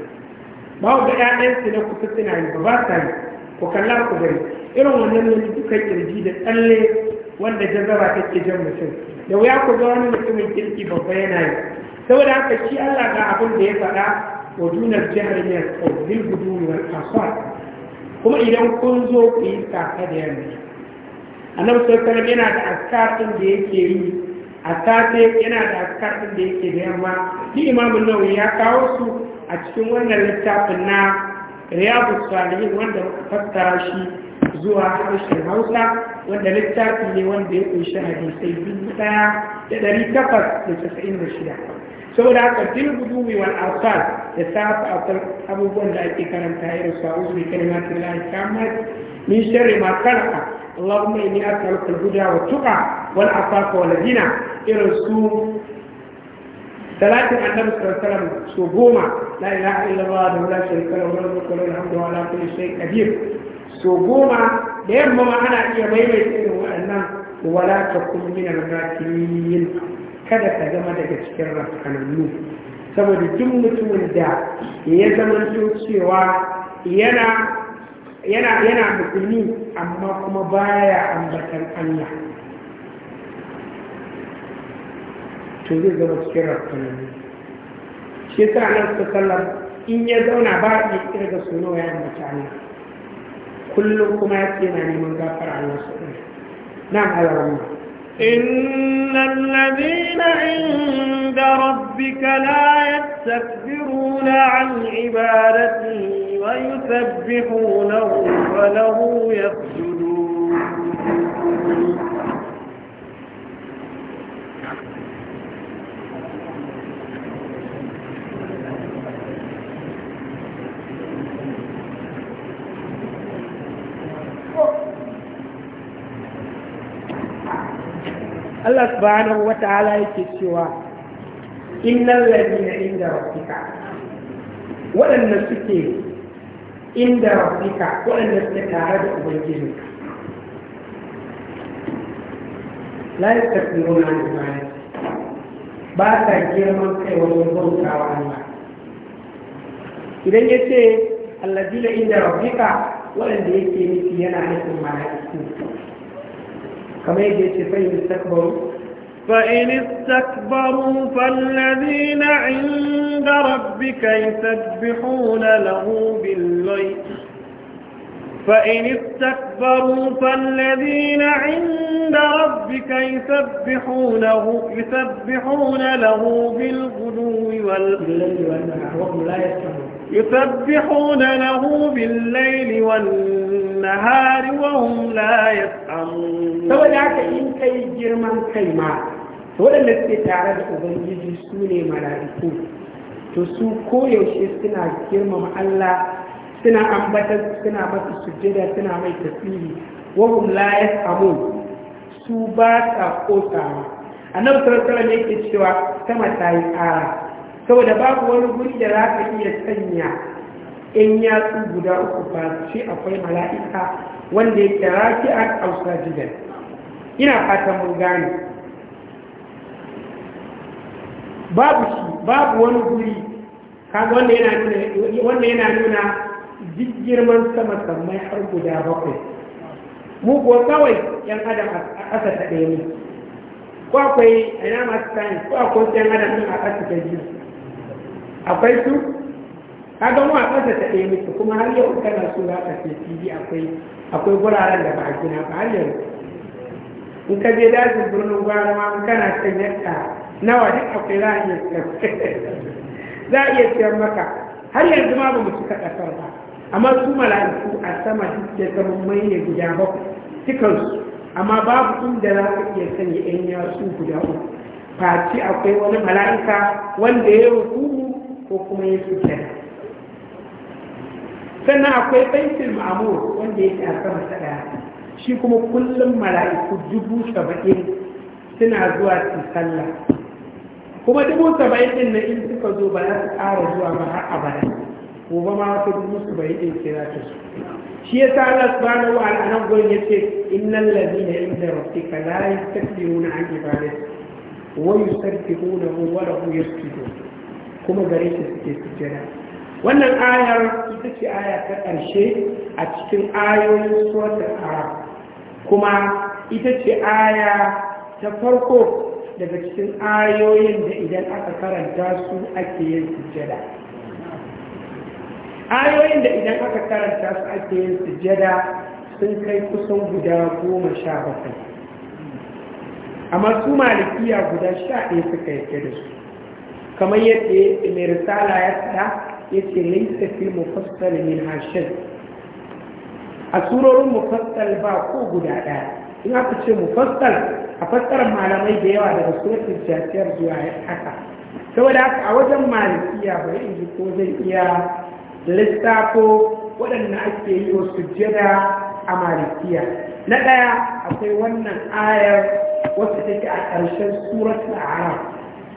ba ku ga 'ya'yansu na kusa suna yi ba ba sa yi ku kalla ku gani irin wannan ne dukan irji da tsalle wanda jazara take jan mutum da wuya ku ga wani mutumin kirki babba yana yi saboda haka shi Allah ga abin da ya faɗa wa dunar jihar ko tsaddil gudu wal asar kuma idan kun zo ku yi saka da yanzu. annabi sallallahu alaihi yana da askar da yake yi a safe yana da askar din da yake da yamma shi imamu nawawi ya kawo su a cikin wannan littafin na riyadu salihin wanda muka fassara shi zuwa harshen hausa wanda littafi ne wanda ya kunshi hadisai dubu daya da ɗari takwas da casa'in da shida saboda haka dil mai wal arsal da safa kan abubuwan da ake karanta ya rasu a mai bi ta lai kamar min sharri ma karka اللهم إني أسألك الهدى والتقى والعفاف والغنى إلى السوء ثلاثة Da صلى الله عليه وسلم سبوما لا إله إلا الله ولا شريك له wani الملك وله الحمد وعلى كل شيء قدير so goma da yamma ma ana iya maimaita irin waɗannan wala ta kun minar rafin kada ka zama daga cikin rafkanannu saboda jin mutumin da ya zama cewa yana yana yana musulmi amma kuma baya ambatan Allah to zai zama cikin rafkanannu shi yasa nan sallar in ya zauna ba ya ƙirga suno ya ambata Allah كلكم kuma يعني من ce na neman gafara Allah su ɗaya إن الذين عند ربك لا يستكبرون عن عبادته ويسبحونه وله يسجدون Allah subhanahu wa ta'ala yake cewa innal ladina inda rabbika waɗanda suke inda rabbika waɗanda suke tare da ubangijinka la yastakbiruna an ibadati ba ta girman kai wajen bautawa Allah idan yace ce alladina inda rabbika waɗanda yake nufi yana nufin mala'iku كما يجي فإن استكبروا فإن استكبروا فالذين عند ربك يسبحون له بالليل فإن استكبروا فالذين عند ربك يسبحونه يسبحون له بالغدو والليل وأنها وهم لا يسمعون يسبحون له بالليل والنهار وهم لا يسأمون saboda haka in kai girman kai ma waɗanda suke tare da ubangiji su ne mala'iku to su koyaushe suna girmama Allah suna ambatar suna masa sujjada suna mai tasiri wahum la yasamun su ba sa kosawa annabi sallallahu alaihi wasallam yake cewa sama ta yi ƙara saboda babu wani guri da za ka iya sanya in yatsu guda uku ba shi akwai mala'ika wanda yake rafi a kausa jidan ina fatan mun gane babu shi babu wani guri kaga wanda yana nuna wanda girman sama sammai har guda bakwai mu kuwa kawai yan adam a ƙasa ta ɗaya ne ko akwai ina masu sani ko akwai yan adam a ƙasa ta biyu akwai su ka ga mu a ƙasa ta ɗaya mutu kuma har yau kana so za ka sai TV akwai akwai guraren da ba a gina ba har yau in ka je dajin birnin gwara ma kana son yadda nawa duk akwai za a iya za a iya siyan maka har yanzu ma ba mu cika ƙasar ba amma su mala'iku a sama duk da zama mai ne guda bakwai su amma babu inda za ka iya sanya 'yan yasu guda uku face akwai wani mala'ika wanda ya yi hukumu ko kuma ya sujjada sannan akwai baitul ma'mur wanda yake a sama ta ɗaya. shi kuma kullum mala'iku dubu saba'in suna zuwa su sallah kuma dubu saba'in din na in suka zo ba za su ƙara zuwa ba har abada gobe ma wata dubu saba'in din ke za ta su shi ya sa Allah subhanahu wa ta'ala nan gurin yace innal ladina inda rabbika la yastakbiruna an ibadati wa yusabbihuna wa lahu yasjudun kuma gare shi suke sujjada wannan ayar ita ce aya ta ƙarshe a cikin ayoyin suratul arab kuma ita ce aya ta farko daga cikin ayoyin da idan aka karanta su ake yin sujjada ayoyin da idan aka karanta su ake yin sujjada sun kai kusan guda goma sha bakwai amma su malikiya guda sha ɗaya suka yake da su kamar yadda mai risala ya tsaya ya ce laisa fil mufassal min hashin a surorin mufassal ba ko guda ɗaya in aka ce mufassal a fassarar malamai da yawa daga suratul jasiyar zuwa haka saboda haka a wajen malikiya ba in ji ko zai iya lissafo waɗanda ake yi wa sujjada a malikiya na ɗaya akwai wannan ayar wasu take a ƙarshen suratul arab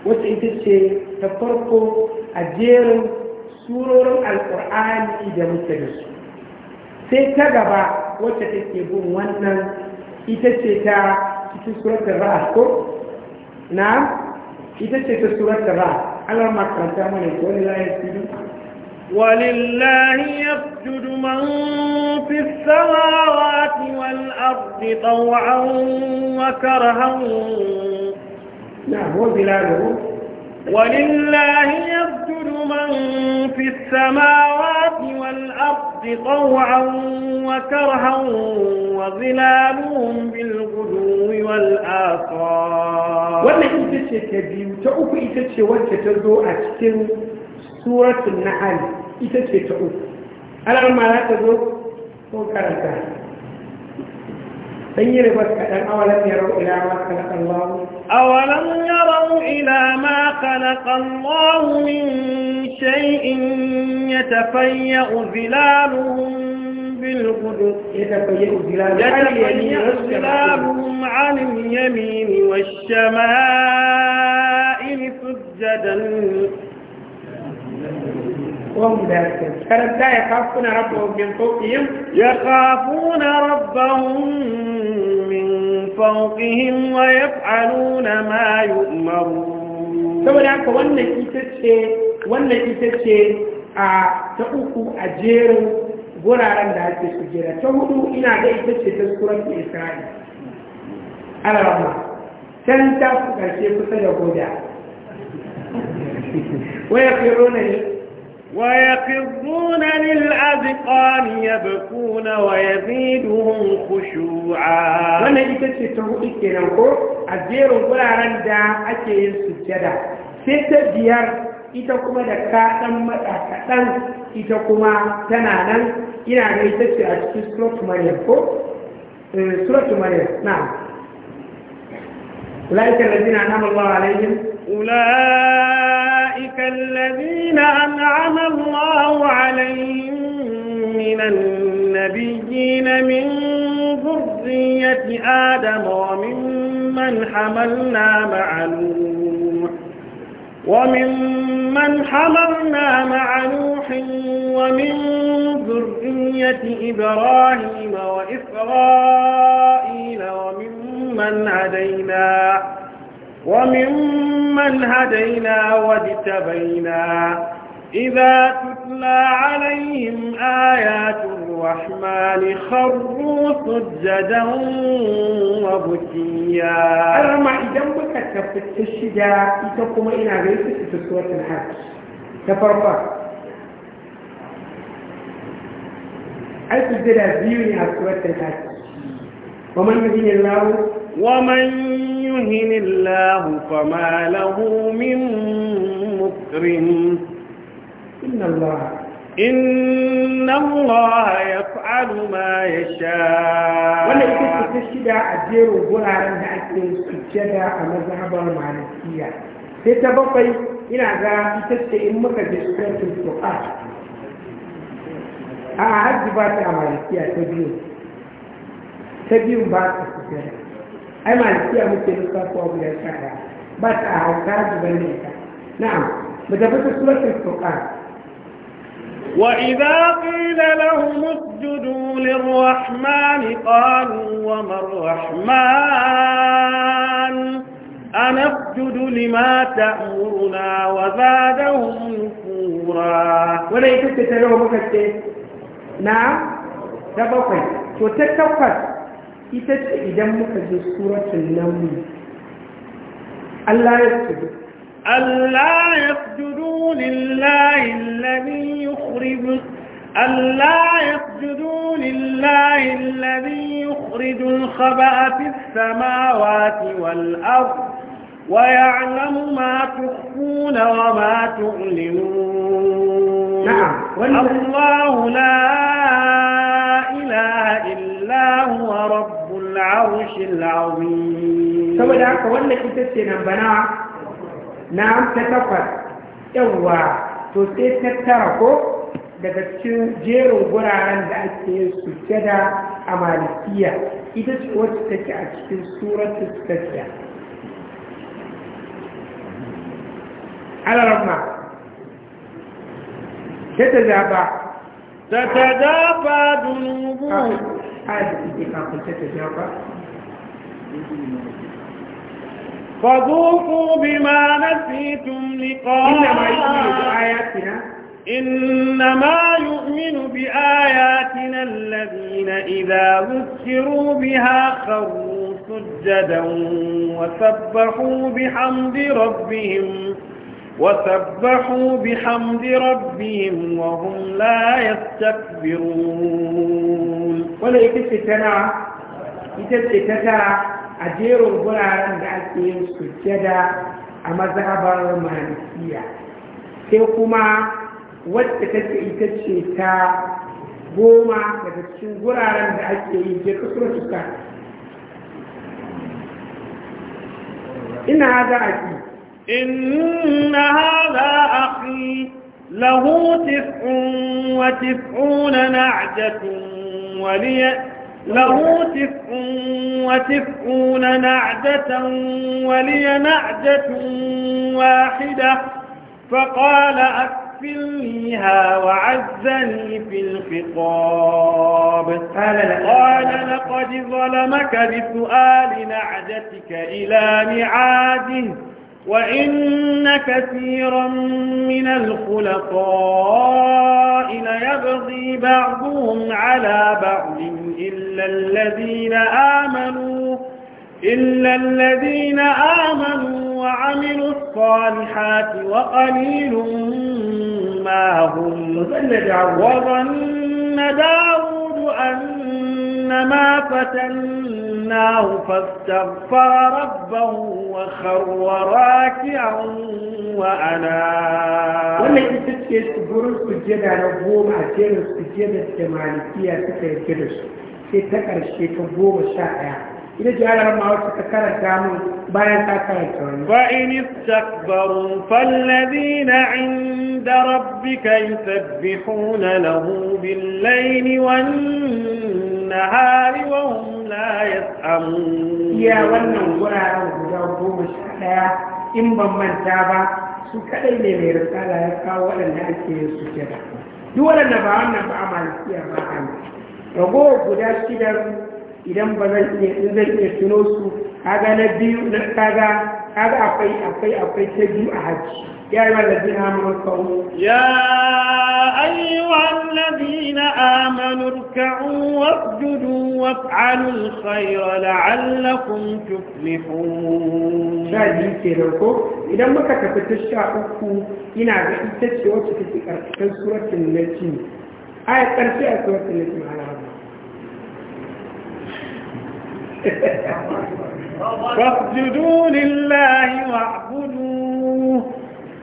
Wata ita ce ta farko a jerin surorin Alkur'ani da muke da su sai ta gaba wacce take bin wannan ita ce ta cikin suratul ra'asko na ita ce ta suratul ra'd Allah makaranta karanta mana ko ne Walillahi cikin ولله يسجد من في السماوات والأرض طوعا وكرها نعم وبلاده ولله يسجد من في السماوات والأرض طوعا وكرها وظلالهم بالغدو والآصال ولكن تشي كبير تعوف إتشي وتتردو أتكن سورة النعال إتشي تعوف ألا ما لا تدو فوق الثاني أولم يروا إلى ما خلق الله أولم يروا إلى ما خلق من شيء يتفيأ ظلالهم يتفيئ عن اليمين والشمائل سجدا وهم ذاكر كانت يخافون ربهم من فوقهم يخافون ربهم فوقهم ويفعلون ما يؤمرون saboda haka wannan ita ce wannan ita ce a ta uku a jerin guraren da ake sujera ta hudu ina ga ita ce ta surat isra'i alarama can ta fi ƙarshe kusa da goda waya fi rona ne ويخضون للأذقان يبكون ويزيدهم خشوعا وانا اتكت تروحي كنانكو الزير ولا رندا اكي السجدة ستة ديار itakuma da kaɗan matakaɗan ita kuma tana nan ina ga ita ce a cikin surat maryam ko eh, surat maryam na la'ikar da zina na mallawa أولئك الذين أنعم الله عليهم من النبيين من ذرية آدم وممن حملنا مع نوح من حملنا مع نوح ومن ذرية إبراهيم وإسرائيل وممن هدينا وممن هدينا واجتبينا إذا تتلى عليهم آيات الرحمن خروا سجدا وبكيا أرمى جنبك كفت تفتح الشجاع إتقم إلى غيرك في سورة الحج تفرفر أي سجد بيوني على سورة الحج ومن يدين الله ومن يهن الله فما له من مكرم إن الله إن الله يفعل ما يشاء ولا يكتب تشدى أجير وقرارا أكل سجدة مذهب المالكية تتبقي تبيو تبيو أما الشيء مثل الصفوة من الشكرة بس أعوكاد بالنسبة نعم بدأ بس سورة الفقار وإذا قيل له اسجدوا للرحمن قالوا وما الرحمن أنسجد لما تأمرنا وزادهم نفورا وليس تتلوه مكتب نعم تبقى شو تتوقف ita ce idan muka je suratul nauri Allah ya tsudu Allah ya tsudu lillahi alladhi yukhrij Allah ya tsudu lillahi alladhi yukhrij al-khaba'a fis samawati wal ardh ويعلم ما تخفون وما تعلنون نعم الله لا إله إلا هو رب العرش العظيم سوى ذلك ولا كتبتنا بنا نعم تتفر يوا تسيت تتركو daga cikin jerin guraren da ake yin sujjada a malikiya ita ce wacce take a cikin suratul tafiya على ربنا تتذابى تتذابى ذنوبه هذا آه، الاتفاق تتذابى فذوقوا بما نسيتم لقاء إنما يؤمن بآياتنا إنما يؤمن بآياتنا الذين إذا ذكروا بها خروا سجدا وسبحوا بحمد ربهم وسبحوا بحمد ربهم وهم لا يستكبرون ولا يكفتنا يكفتنا أجير الغلال لأسهم سجدا أما ذهب المالكية سيكما واتكت إتشيتا goma daga cikin wuraren da ake yi je kasuwar suka ina za a إن هذا أخي له تسع وتسعون نعجة ولي له تسع وتسعون نعجة ولي نعجة واحدة فقال أكفلنيها وعزني في الخطاب قال لقد ظلمك بسؤال نعجتك إلى نعاده وإن كثيرا من الخلطاء ليبغي بعضهم على بعض إلا الذين آمنوا إلا الذين آمنوا وعملوا الصالحات وقليل ما هم وظن داود أن ما فتن فأخذناه فاستغفر ربه وخر راكعا وأنا ولا يتكيس برس الجدع ربوما جيرس الجدع الجمالية تكيس الجدع تكرش تكبوما شائعا ina ji ana ma wasu karanta mun bayan ta karanta wani. Wa ini takbaru fallazi na inda rabbi ka yi sabbi kuna na hubi laini wannan hari wa samu. Iya wannan wuraren guda goma sha ɗaya in ban manta ba su kaɗai ne mai risala ya kawo waɗanda ake yin su Duk waɗanda ba wannan ba a Malaysia ba a guda shida. idan ba zan iya in zan iya tuno su kaga na biyu na kaga kaga akwai akwai akwai ta biyu a hajji ya yi wanda zai amuru kawo ya ayyuhan ladina amanu ruk'u wasjudu waf'alu alkhayra la'allakum tuflihun sha biyu ke da ko idan muka tafi ta sha uku ina ga ita ce wacce take karkashin suratul فاسجدوا لله واعبدوه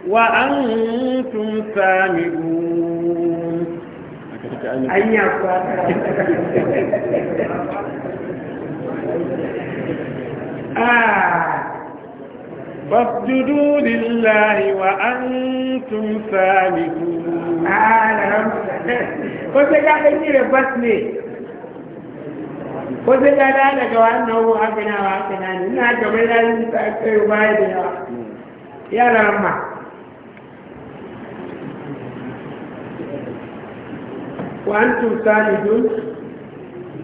وأنتم سامدون آه. فاسجدوا لله وأنتم سامدون آه نعم فسجدوا لله بس ليه Ko wasu gada daga wannan hu haka na haka na ne ina gaba da yi ta tsayo baya da yawa yara ma wa an tusa ne dun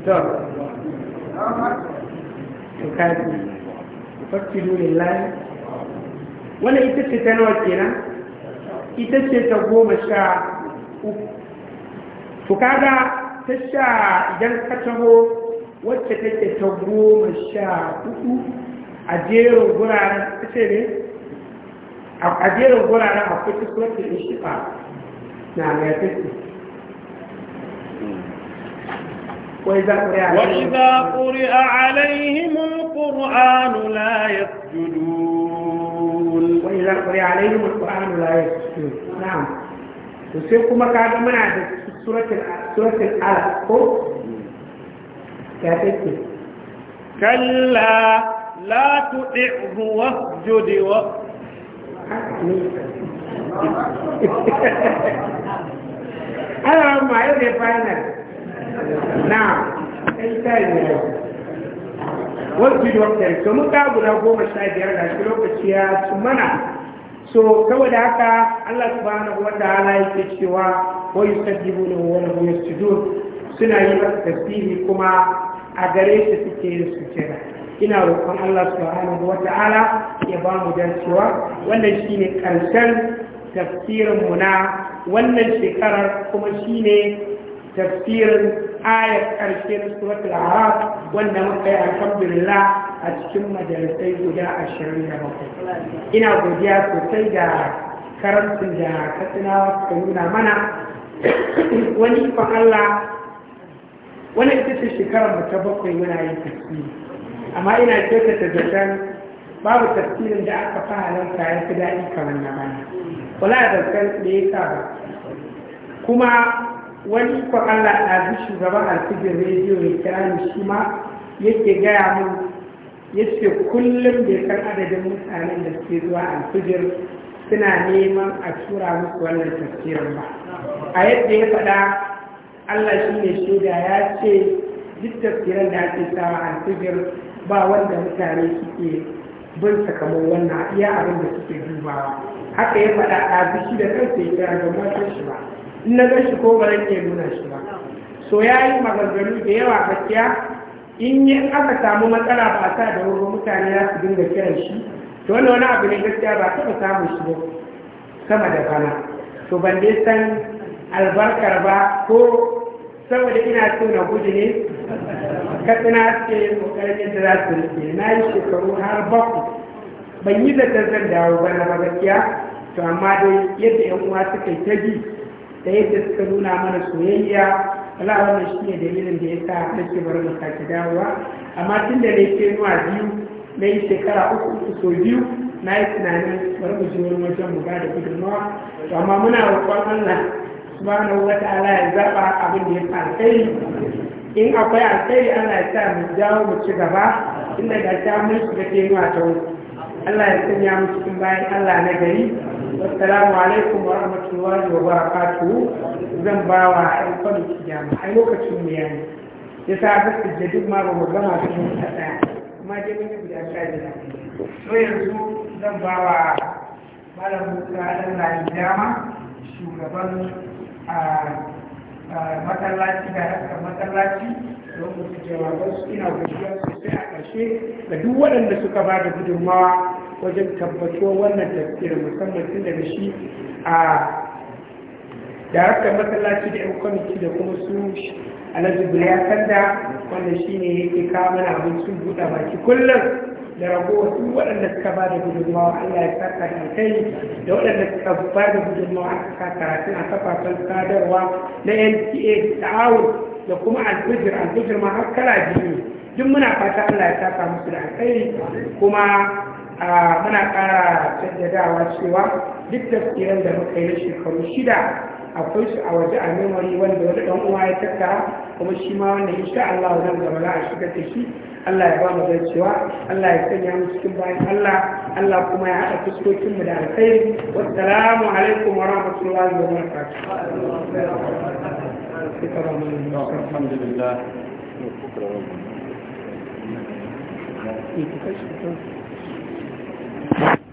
to kaji fakki dunin layi wani ita ce ta nawa kenan ita ce ta goma sha uku to kaga ta sha idan ka taho wacce take ta goma sha hudu a jerin guraren kace ne a jerin guraren akwai ta suratul inshiqa na mai take وإذا قرئ عليهم القرآن لا يسجدون وإذا قرئ عليهم القرآن لا يسجدون نعم وسيكم كاد منع سورة سورة الألف ya take kalla la tuɗi'hu wasjudi wa ana ma yau ne final na ɗan tayin yau wasu doktor to mun ka guda goma sha biyar da shi lokaci ya mana so kawai da haka Allah subhanahu wa ta'ala yake cewa wa yusabbihu lahu wa lahu yasjudun suna yi masa tasbihi kuma a gare shi suke yin sujjada ina roƙon Allah subhanahu wata'ala ya ba mu dacewa wannan shine karshen tafsirin mu na wannan shekarar kuma shine tafsirin ayar ƙarshe na suratul araf wanda muka yi alhamdulillah a cikin majalisai guda ashirin da bakwai ina godiya sosai da karantun da katsinawa suka nuna mana wani ikon Allah Wani ita ce shekarar da ta bakwai muna yin tafsiri amma ina ta zaton babu tafsirin da aka fi halarta ya fi daɗi kamar na bana kula da zaton da ya sa ba kuma wani ikon allah ɗazu shugaban alfijin rediyo ya kira ni shi ma yake gaya mun ya ce kullum da ya san adadin mutanen da suke zuwa alfijir suna neman a tura musu wannan tafsirin ba a yadda ya faɗa Allah shi ne shaida ya ce duk tafsiran da ake a alfijir ba wanda mutane suke bin kamar wannan iya abin da suke duba haka ya faɗa a bishi da kansa ya kira ga mata shi ba in na gan ko ba zan iya nuna shi ba so ya yi maganganu da yawa gaskiya in yi aka samu matsala ba sa da wurin mutane za su dinga kiran shi to wannan wani abu ne gaskiya ba taɓa samu shi ba sama da bana to ban dai san albarkar ba ko saboda ina so na gudu ne katsina suke yin kokarin da za su rike na yi shekaru har bakwai ban yi zaton zan dawo ba na magaskiya to amma dai yadda yan uwa suka yi ta ji da yadda suka nuna mana soyayya wala wannan shi ne dalilin da ya sa nake bar mu sake dawowa amma tun da nake nuwa biyu na yi shekara uku so biyu na yi tunanin bari mu je wani wajen mu ba da gudunmawa to amma muna roƙon Allah subhanahu wa ta'ala ya zaba abin da ya fi alkhairi in akwai alkhairi ana ya sa mu jawo mu ci gaba inda ga ta mun shiga cikin wata Allah ya sanya mu cikin bayan Allah na gari assalamu alaikum wa rahmatullahi wa barakatuh zan ba wa ɗan kwamiti A lokacin mu yayi ya sa aka duk ma ba mu gama su mun ta ɗaya amma dai mun yi guda sha biyar so yanzu zan ba wa malam musa Allah ya dama shugaban a matsalaci da matsalaci don su ba su ina gajiya sosai a ƙarshe da duk waɗanda suka ba da gudunmawa wajen tabbatuwar wannan tafiyar musamman tun daga shi a daraktar masallaci da 'yan kwamiti da kuma su alhaji ya sanda wanda shi ne yake kawo mana abincin buɗa baki kullum da ragowar duk waɗanda suka ba da gudunmawa Allah ya saka da kai da waɗanda suka ba da gudunmawa aka sa karatun a kafafen sadarwa na NTA ta'awun da kuma al-bujir ma har kala biyu duk muna fata Allah ya saka musu da alkhairi kuma muna ƙara jaddadawa cewa duk da tafsirin da muka yi na shekaru shida akwai su a waje a memory wanda wani dan uwa ya tattara kuma shi ma wanda insha Allah wannan gaba mala a shigar da shi Allah ya ba mu zancewa Allah ya sanya mu cikin bayan Allah Allah kuma ya haɗa fuskokin mu da alkhairi wassalamu alaikum wa rahmatullahi wa barakatuh